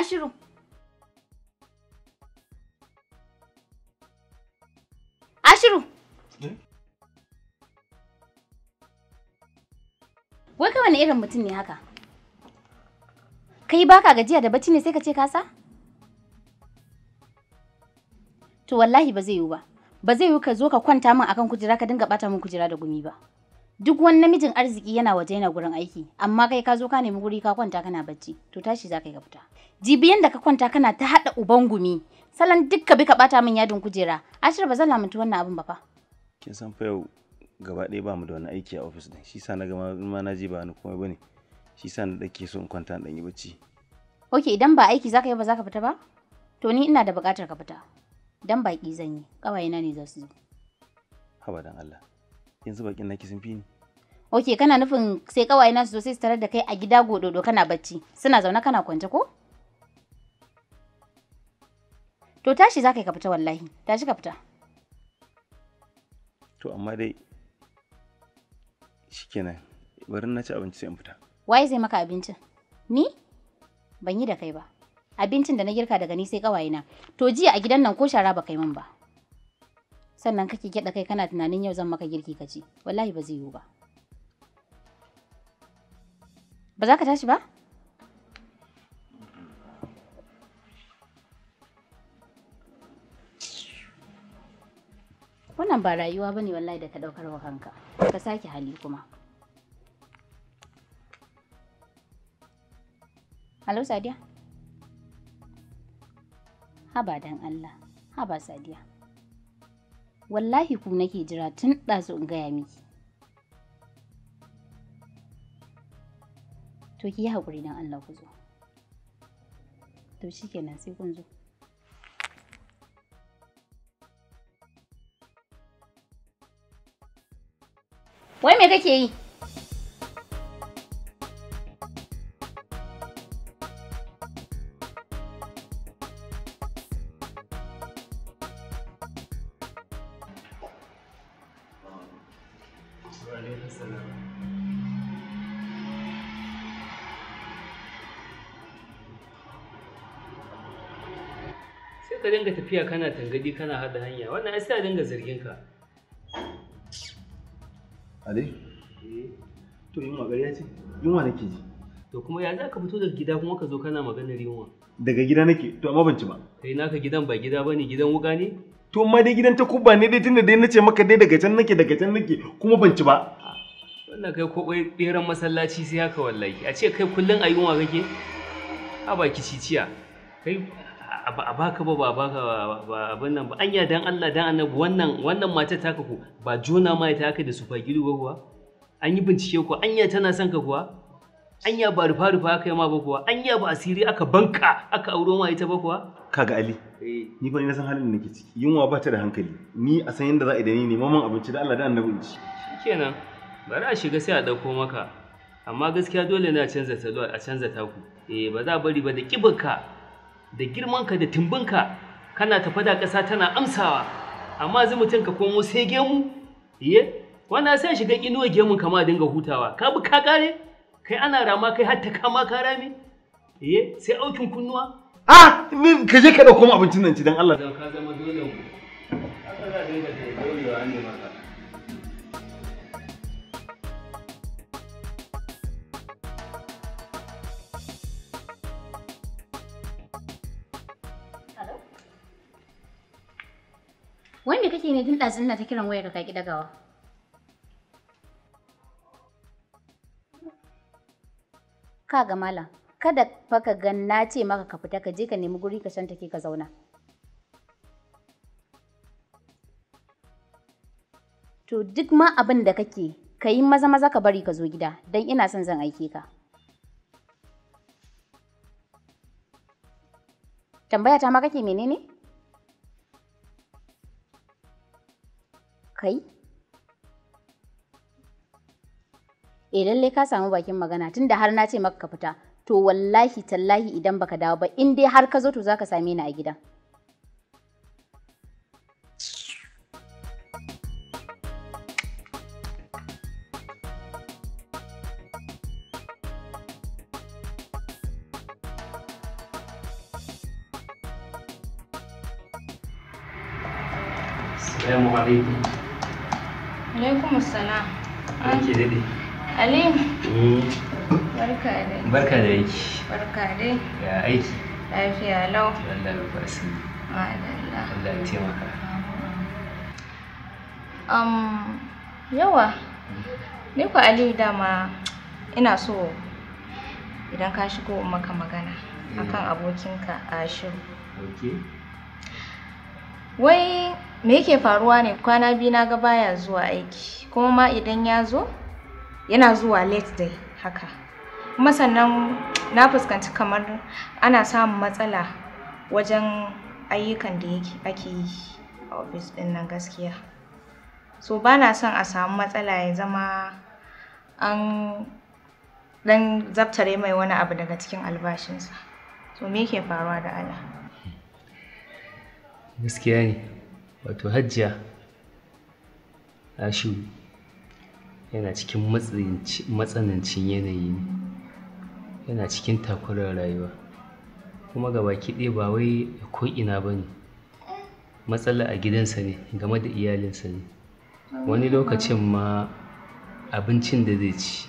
ashiru ashiru wai ka wani irin mutum ne haka kai baka gajiya da bacci ne sai ka ce kasa to wallahi ba zai yiwu ba ba zai yiwu ka zo ka kwanta min akan kujera ka dinga bata min kujera da gumi ba duk wani namijin arziki yana waje yana gurin aiki amma kai ka zo ka nemi guri ka kwanta kana bacci to tashi za ka yi ka fita jibiyan da ka kwanta kana ta haɗa uban gumi salon dukka bi ka bata min yadin kujera ashir ba zan lamunta wannan abin ba fa kin san fa yau gaba ɗaya ba mu da wani aiki a ofis din shi sa na gama ma na ji ba ni komai bane shi sa na dake so in kwanta in yi bacci ok idan ba aiki zaka yi ba zaka fita ba to ni ina da buƙatar ka fita dan baki zan yi na ne za su zo haba dan Allah yanzu bakin naki sun fi ni ok kana nufin sai kawai na su sai su tarar da kai a gida gododo kana bacci suna zaune kana kwance ko to tashi za ka yi ka fita wallahi tashi ka fita to amma dai kenan, bari na ci abinci sai in fita waye zai maka abincin ni ban yi da kai ba abincin da na girka daga ni sai na. to jiya a gidan nan ko shara ba kai min ba sannan kake gyada kai kana tunanin yau zan maka girki ka ci wallahi ba zai yiwu ba ba za ka tashi ba wannan ba rayuwa ba ne wallahi da ka daukar wa kanka ka sake hali kuma halo sadiya haba dan allah haba sadiya wallahi ku nake jira tun ɗazu in gaya miki to ki yi haƙuri don Allah ku zo to shikenan sai kun zo wai me kake yi tafiya kana tangadi kana hada hanya wannan ai sai a dinga zargin ka Ali eh. to yunwa ya ce yin wa nake ji to kuma ya za ka fito daga gida kuma ka zo kana maganar yunwa daga gida nake to amma ban ci ba kai naka gidan ba gida bane gidan wuka ne to amma dai gidan ta kubba ne dai tunda dai nace maka dai daga can nake daga can nake kuma ban ci ba wannan kai ko kwai beran masallaci sai haka wallahi a ce kai kullun a kake a baki ciciya kai a baka ba ba baka ba abin nan ba anya dan Allah dan annabi wannan wannan mata ka ku ba juna mai ka da sufagiru ba kuwa an yi bincike ku anya tana son ka kuwa anya ba rufa rufa aka yi ma ba kuwa anya ba asiri aka banka aka auro mai ta ba kuwa kaga Ali eh. ni ba ina san halin da nake ciki yunwa ba ta da hankali ni a san yadda za a dani ne maman abinci da Allah da annabi in ci shikenan bari a shiga sai a dauko maka amma gaskiya dole ne a canza talo a canza ku. eh ba za a bari ba da kibarka da girmanka da timbinka kana tafa da ƙasa tana amsawa amma mutum ka komo sai gemu iye wannan sai shiga inuwa gemun kama dinga hutawa ka bi ka kare kai ana rama kai har ta kama ka rame iye sai aukin kunnuwa a ni ka je ka dauko abincin nan ci dan Allah dan ka zama dole mu haka za ka dinga dorewa ne maka kake ne tun ɗazin na ta kiran wayar ka ki dagawa. Ka ga malam, kada fa ka ga na ce maka ka fita ka je ka nemi guri ka san take ka zauna. To duk ma abin da kake, ka yi maza maza ka bari ka zo gida, don ina son zan aike ka. Tambaya ta ma kake menene? kai eh lalle ka samu bakin magana tunda har na ce maka ka fita to wallahi tallahi idan baka dawo ba in dai har ka zo to zaka same ni a gidan barka dai barka da aiki barka dai ya aiki lafiya lau Allah ya fasi madalla Allah ya taimaka um yawa ni ku Aliyu dama ina so idan ka shigo maka magana eh. akan abokinka Ashiru okay wai me yake faruwa ne kwana biyu na ga baya zuwa aiki kuma ma idan ya zo yana zuwa late day haka kuma sannan na fuskanci kamar ana samun matsala wajen ayyukan da ake yi a ofis ɗin nan gaskiya so ba na son a samu matsala ya zama an ɗan zabtare mai wani abu daga cikin albashinsa so me yake faruwa da Allah gaskiya ne wato hajjiya ashu yana cikin matsanancin yanayi ne yana cikin takurar rayuwa kuma ga baki ɗaya ba wai ko ina ba ne matsala a gidansa ne game da iyalinsa ne wani lokacin ma abincin da zai ci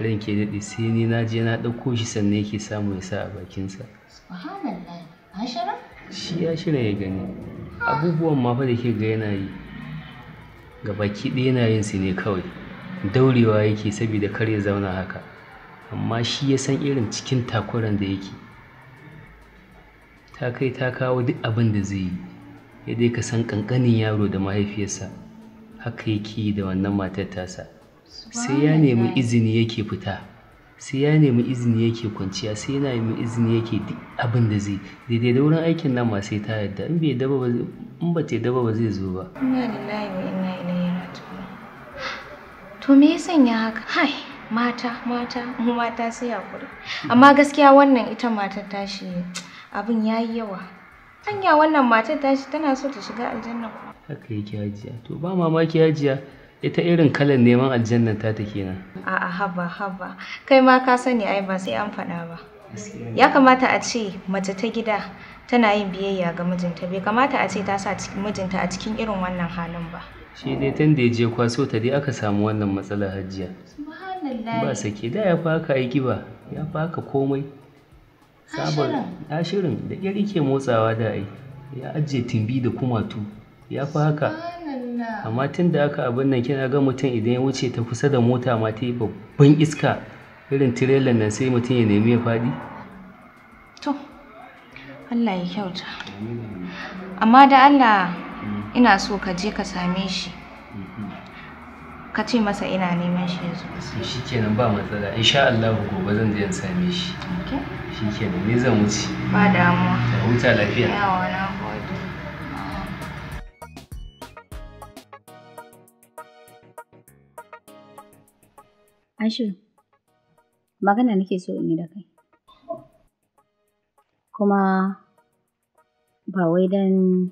ke daɗe sai ni na je na ɗauko shi sannan yake samu ya sa a bakinsa shi ya shirya ya gani abubuwan ma fa da ke ga yana yi ga baki ɗaya yana yin su ne kawai daurewa yake saboda kar ya zauna haka amma shi ya san irin cikin takuran da yake ta kai ta kawo duk abin da zai yi ya dai ka san ƙanƙanin yaro da mahaifiyarsa haka yake da wannan matar tasa sai ya nemi izini yake fita sai ya nemi izini yake kwanciya sai ya nemi izini yake duk abin da zai daidai da wurin aikin nan ma sai ta yarda in bai daba in ba daba ba zai zo ba inna to me ya haka mata mata mu mata sai hakuri amma gaskiya wannan ita matar tashi abin yayi yawa hanya wannan matar tashi tana so ta shiga aljanna ko haka yake hajiya to ba mamaki hajiya ita irin kalan neman aljanna ta ta kenan a'a haba haba kai ma ka sani ai ba sai an faɗa ba ya kamata a ce mace ta gida tana yin biyayya ga mijinta bai kamata a ce ta sa mijinta a cikin irin wannan halin ba shi dai tun da ya je kwaso ta dai aka samu wannan matsalar hajiya ba sake da ya fi haka ya giba ya fi haka komai sabon ashirin da ya rike motsawa da ai ya ajiye timbi da kumatu ya fi haka amma tun da aka abin nan kina ga mutum idan ya wuce ta kusa da mota ma ta yi babban iska irin tirelan nan sai mutum ya nemi ya faɗi to Allah ya kyauta amma da Allah mm. ina so ka je ka same shi ka ce masa ina neman shi yanzu shi kenan ba matsala insha Allah gobe zan je in same shi shi kenan ne zan wuce ba damuwa ka huta lafiya yawa na gode Ashir, magana nake so in yi da kai. Kuma ba wai dan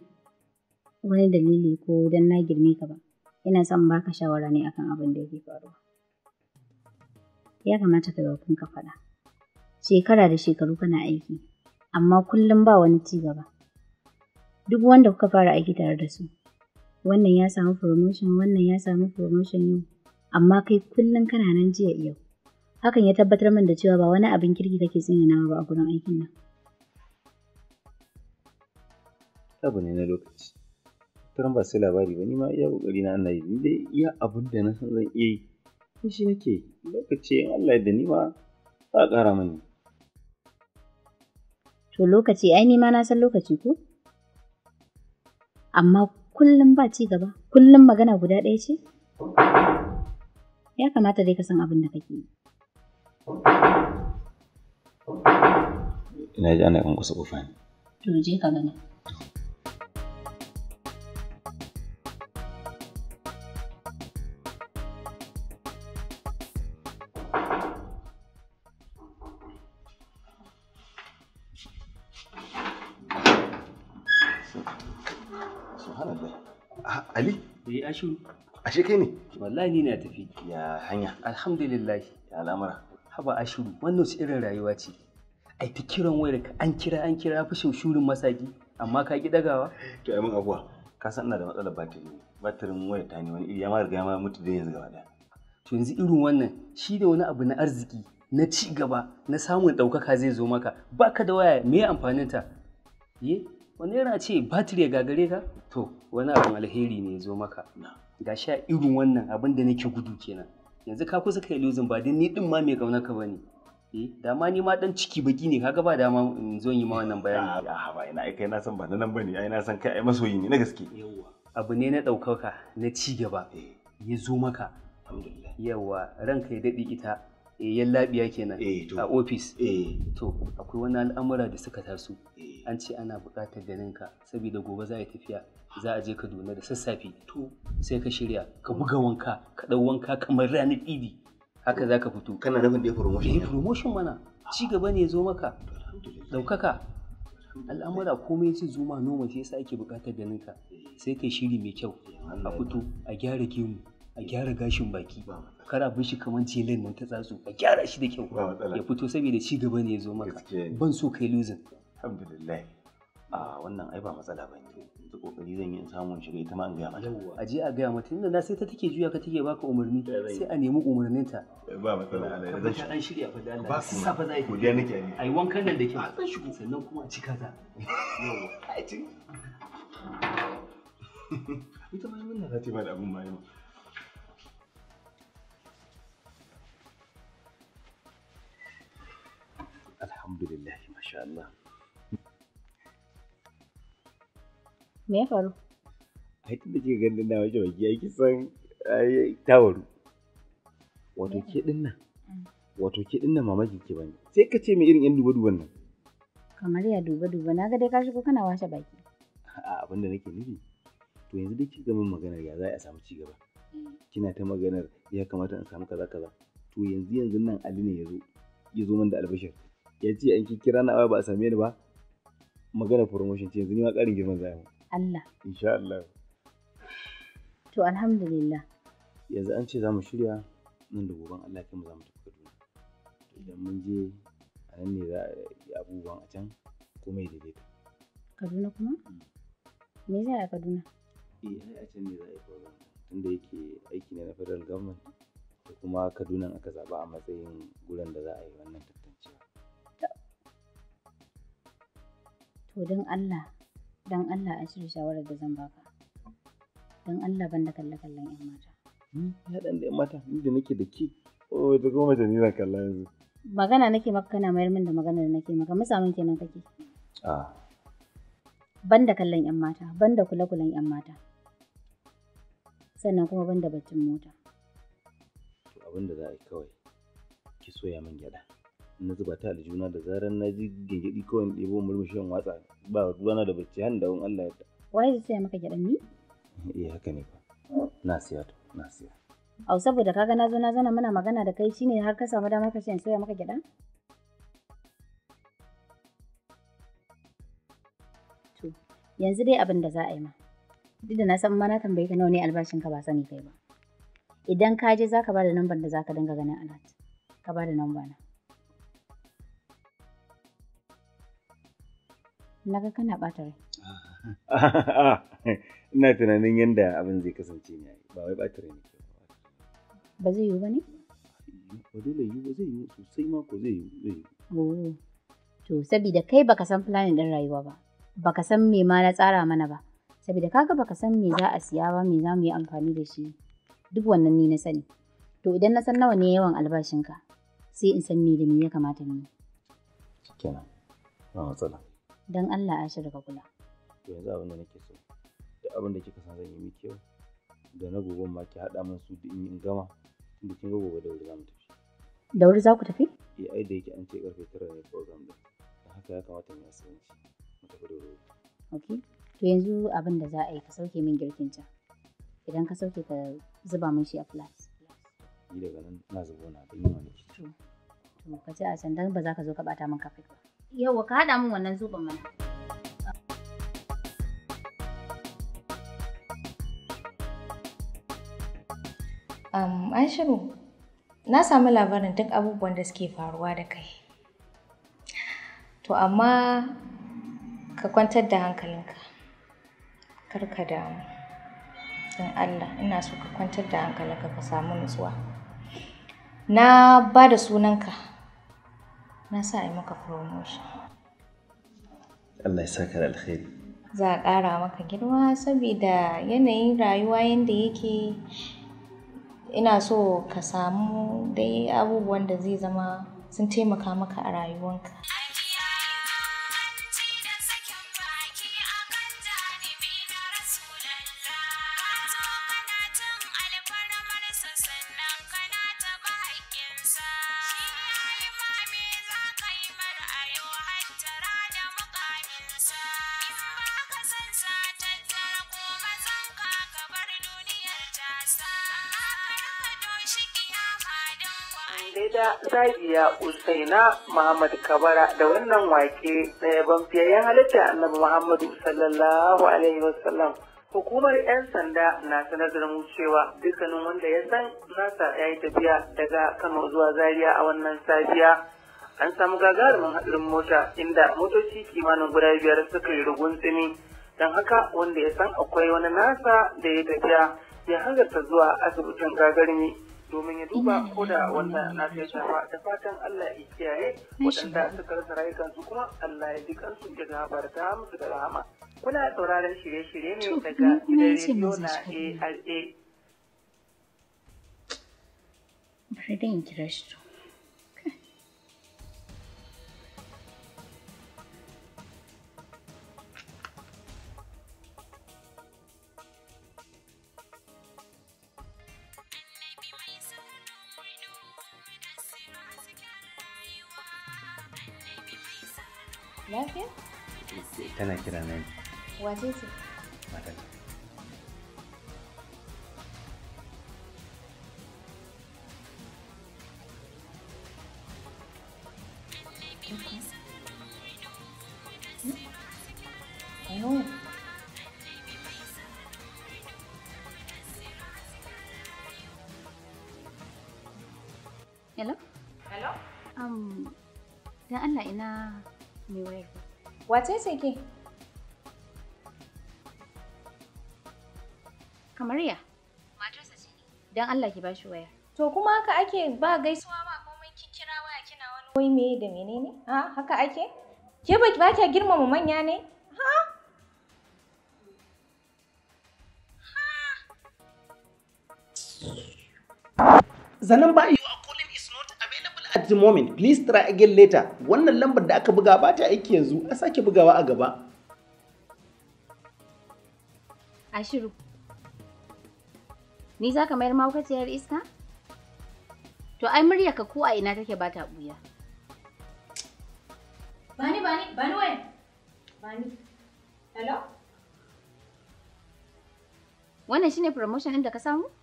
wani dalili ko dan na girme ka ba. ina son baka shawara ne akan abin da yake faruwa ya kamata ka ga ka faɗa shekara da shekaru kana aiki amma kullum ba wani ci gaba duk wanda kuka fara aiki tare da su wannan ya samu promotion wannan ya samu promotion yau amma kai kullum kana nan jiya yau hakan ya tabbatar min da cewa ba wani abin kirki kake tsinanawa ba a gurin aikin nan abu ne na lokaci taron ba sai labari ba ni ma iya kokari na ana yi ni dai iya abin da na san zan iya yi ni shi nake lokaci in Allah da ni ma za a ƙara mani. To lokaci ai ni ma na san lokaci ko? Amma kullum ba ci gaba kullum magana guda ɗaya ce? Ya kamata dai ka san abin da kake yi. Ina ji ana kan kusa kufa ne. To je ka gani. shiru ashe kai ne wallahi ni na tafi ya hanya alhamdulillah ya al'amura haba ashiru wannan su irin rayuwa ce ai ta kiran wai ka an kira an kira fi shaushurin masaki amma ka ki dagawa to ai mun abuwa ka san ina da matsalar batiri batirin wayar ta ne wani iri ya ma riga ma mutu da yanzu gaba daya to yanzu irin wannan shi da wani abu na arziki na ci gaba na samun ɗaukaka zai zo maka baka da waya me amfanin ta ye wani yana ce batiri ya gagare ka to wani abin alheri ne ya zo maka ga sha irin wannan abin da nake gudu kenan yanzu ka kusa kai losing ba din ni din ma mai kauna ka bane eh dama ni ma dan ciki baki ne kaga ba dama in zo yi ma wannan bayani a ba ina kai na san ba nan bane ai na san kai ai masoyi ne na gaske yawa abu ne na daukaka na ci gaba eh. ya zo maka alhamdulillah yawa ranka ya dadi ita Eh, labiya kenan eh, a ofis eh. to akwai wani al'amura da suka taso an ce ana buƙatar ganin ka saboda gobe za a tafiya za a je kaduna da sassafe to sai ka shirya ka buga wanka ka ɗau wanka kamar ranar idi haka za ka fito kana nufin da promotion ne promotion mana ci gaba ne zo maka ɗaukaka al'amura komai su zuma noma sai yasa ake buƙatar ganin ka sai ka shiri mai kyau a fito a gyara gemu a gyara gashin baki kar a shi kamar jelen nan ta tsatsu a gyara shi da kyau ya fito saboda ci gaba ne ya zo maka ban so kai losing alhamdulillah a wannan ai ba matsala ba ne da kokari zan yi in samu in shiga ita ma in gaya mata yawa a je a gaya mata inda na sai ta take juya ka take baka umarni sai a nemi umarnin ta ba matsala Allah zan shi an shirya fa da Allah ba sa fa zai godiya nake ne ai wankan nan da ke zan shigo sannan kuma a cika ta yawa ai cin ita ma mun na ta ba da abun ma yau alhamdulillah masha Allah me ya faru ai tun da kike ganin na wajen baki ai san ai tawaru wato ke din nan wato ke din nan mamakin ki bani. sai ka ce me irin yan duba duban nan kamar ya duba duba na ga dai ka shigo kana washe baki a abin da nake nufi to yanzu dai kika min magana ya za a samu ci gaba kina ta maganar ya kamata in samu kaza kaza to yanzu yanzu nan Ali ne ya zo ya zo min da albashir ya ce an kira na awa ba a same ni ba magana promotion ce yanzu ni ma ƙarin girman zai Allah insha Allah to alhamdulillah yanzu an ce za mu shirya nan da goben Allah kai mu za mu tafi Kaduna idan mun je a nan ne za a yi abubuwan a can kuma da daidaita Kaduna kuma mm. me za a Kaduna eh a can ne za a yi program tunda yake aiki ne na federal government da kuma Kaduna aka zaba a matsayin gurin da za a yi wannan tattaunawa to don Allah don Allah a shirya shawarar da zan baka don Allah ban da kalle kallon yan mata hmm? ya dan da yan mata ni da nake da ke oh da goma da ni na kalla yanzu magana nake maka kana mayar min da magana da nake maka musamman kenan kake a ah. ban da kallon yan mata ban da kula-kulan yan mata sannan kuma ban da baccin mota to abin da za a yi kawai ki soya min gyada na zuba ta aljuna da zarar na ji gingidi kawai ɗebo murmushin watsa ba ruwana da bacci hannu da Allah ya ta. Wai zai saya maka gyaɗan ni? Eh haka ne fa. Na siya to, na siya. Au saboda kaga na zo na zana muna magana da kai shine har ka samu damar ka in saya maka gyaɗa? To, yanzu dai abin da za a yi ma. Duk da na san ma na tambaye ka nawa ne albashin ka ba sani kai ba. Idan ka je za ka ba da lambar da za ka dinga ganin alat. Ka ba da lambar na. Na ga kana bata rai. Ina tunanin yadda abin zai kasance ne ba wai bata rai ba. zai yiwu ba ne? Ba dole yiwu ba zai yiwu sosai ma zai yiwu zai oh. To sabida kai baka san planin ɗin rayuwa ba. Baka san me ma na tsara mana ba. saboda kaga baka san me za a siya ba me za mu yi amfani da shi. Duk wannan ni na sani. To idan na san nawa ne yawan albashinka sai in san me da me ya kamata ne yi. Ba matsala. don Allah a shirka kula. Yanzu abin da nake so, da abin da kika san zan yi miki yau, da na gobe ma ki haɗa min su da in gama, tunda kin ga gobe da wuri za mu tafi. Da wuri za ku tafi? Eh ai da yake an ce karfe tara ne program din, da haka ya kamata mu yasa yanci mu tafi da wuri. Ok, to yanzu abin da za a yi ka sauke min girkin can, idan ka sauke ka zuba min shi a flat. Ni daga nan na zuba na da yi wani To, ka ce a can don ba za ka zo ka ɓata min kafin ba. Yawa ka haɗa min wannan zuban man. an shiru, na samu labarin duk abubuwan da suke faruwa da kai. To amma ka kwantar da hankalinka, kar ka damu. In Allah ina so ka kwantar da hankalinka ka samu nutsuwa. Na ba da sunanka na sa a yi maka promotion Allah ya saka da alkhairi za a ƙara maka girma saboda yanayin rayuwa yadda yake ina so ka samu dai abubuwan da zai zama sun taimaka maka a rayuwanka. marigayiya usaina muhammad kabara da wannan wake na yaban ya halitta annabi muhammadu sallallahu alaihi wasallam hukumar 'yan sanda na sanar da mu cewa dukkanin wanda ya san nasa ya yi tafiya daga kano zuwa zaria a wannan safiya an samu gagarumin haɗarin mota inda motoci kimanin guda biyar suka yi rugun tsini don haka wanda ya san akwai wani nasa da ya tafiya ya hangarta zuwa asibitin gagarumi. domin ya duba ko da wanda na shafa da fatan Allah ya kiyaye waɗanda suka rasa rayukansu kuma Allah ya ji kansu da gabarta musu da rahama kuna sauraron shirye-shirye ne daga gidan rediyo na ARA bari da in kira shi to Lafiya? Tana kira na Wace ce? Guachísimo. wace ce ke kamarya matarsa Don Allah ki bashi waya to kuma haka ake ba gaisuwa ba komai ki kira waya kina wani wai me da menene ha haka ake ke ba ba kya girmama manya ne ha Ha? zanen ba yiwa at the moment please try again later wannan lambar da aka buga ba ta aiki yanzu a sake bugawa a gaba ashiru ni za ka mayar ciyar iska to ai muryarka ko a ina take ba ta buya bani bani bani wai bani hello wannan shine promotion din da ka samu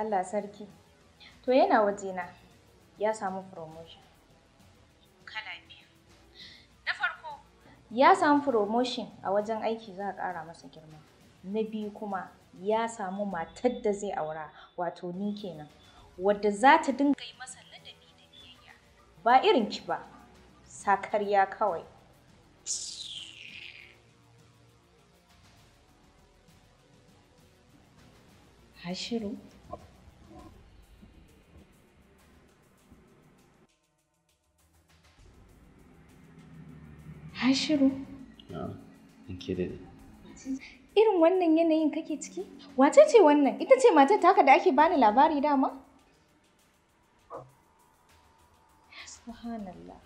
Allah sarki To yana wajena ya samu promotion. Kala Na farko ya samu promotion a wajen aiki za a ƙara masa girma. Na biyu kuma ya samu matar da zai aura wato ni kenan wadda za ta dinga yi masa ladabi da biyayya ba irin ki ba sakarya kawai. Hashiru. Hashiru? ke da Irin wannan yanayin kake ciki? Wace ce wannan? Ita ce matar taka da ake bani labari dama? Subhanallah.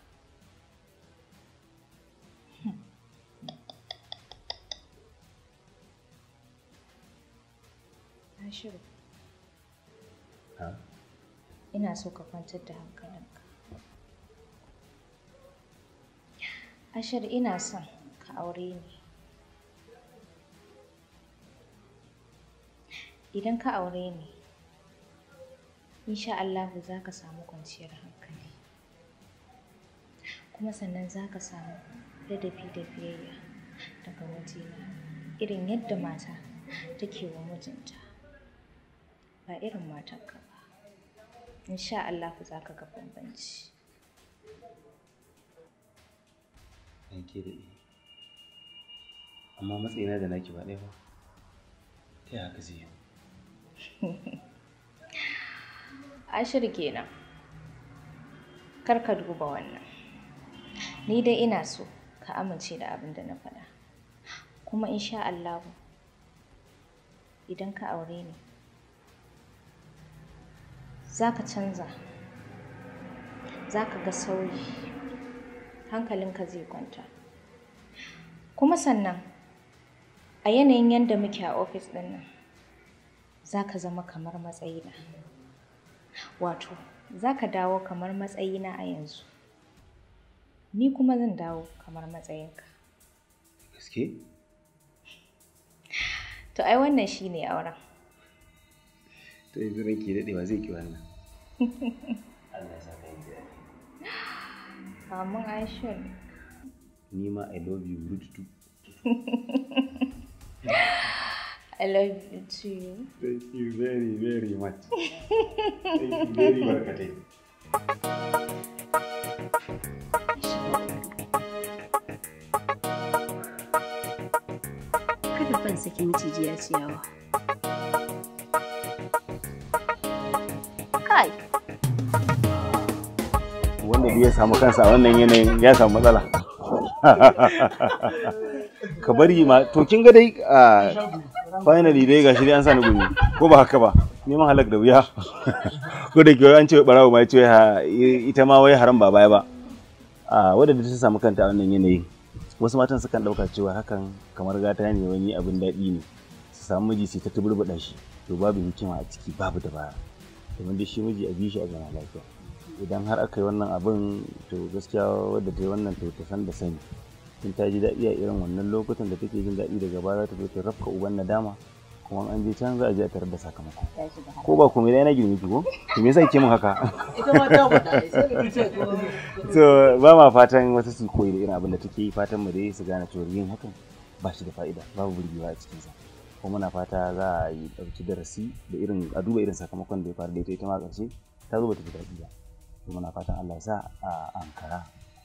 Hashiru. Ina so ka kwantar da hankalinka. Ashir ina son ka aure ni. Idan ka aure ni, insha Allahu za ka samu kwanciyar hankali. Kuma sannan za ka samu ladabi da biyayya daga wajena irin yadda mata take wa mijinta. Ba irin matanka ba. Insha Allahu za ka ga bambanci. ranke da iya amma matsayina da naki ba ɗaya ba ta yaka zai yi ashir kenan kar ka duba wannan ni dai ina so ka amince da abin da na faɗa kuma in insha Allahu idan ka aure ni za ka canza za ka ga sauyi hankalinka zai kwanta kuma sannan a yanayin yadda muke a ofis ɗin nan za ka zama kamar matsayina wato za ka dawo kamar matsayina a yanzu ni kuma zan dawo kamar matsayinka gaske to ai wannan shi ne auren to yanzu ranki daɗewa zai ƙi wannan Allah ya kamun aishun ni ma i love you root too I love you too. Thank you very, very much. Thank you very much. Kada ban ya ciyawa. kuɗi ya samu kansa wannan yanayin ya samu matsala ka bari ma to kin ga dai finally dai gashi dai an sani gumi ko ba haka ba neman halak da wuya ko da ke an ce barawo ma ce ita ma wai haram ba baya ba a wadda ta samu kanta wannan yanayi wasu matan sukan ɗauka cewa hakan kamar gata ne wani abin daɗi ne su samu miji sai ta tuburbuɗa shi to babu hikima a ciki babu dabara domin dai shi miji a bi a zama lafiya idan har aka yi wannan abin to gaskiya wadda ta yi wannan to ta san da sani tun ta ji daɗi a irin wannan lokutan da take jin daɗi daga baya ta zo ta rafka uban nadama kuma an je can za a je a tarar da sakamako ko ba kuma dai na girme ki ko to me yasa ke mun haka to ba ma fatan wasu su koyi da irin abin da take yi fatan mu dai su gane cewa yin hakan ba shi da fa'ida babu burgewa a cikin sa kuma muna fata za a yi ɗauki darasi da irin a duba irin sakamakon da ya faru da ita ita ma ƙarshe ta zuba ba ta ji daɗi ba kuma na fatan Allah ya sa a ankara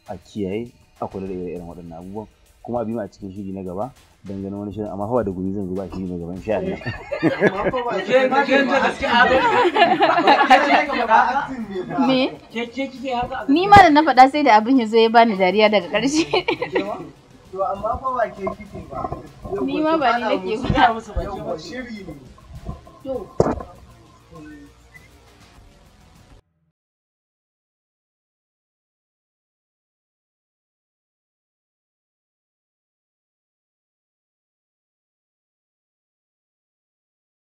a kiyaye a kula da irin waɗannan abubuwan kuma abin a cikin shiri na gaba don ganin wani shirin amma hawa da guri zan zuba shiri na gaban sha Allah. Me? Ni ma da na faɗa sai da abin ya zo ya bani dariya daga ƙarshe. To amma fa ba ke kike ba. Ni ma ba ni nake ba. Shiri ne.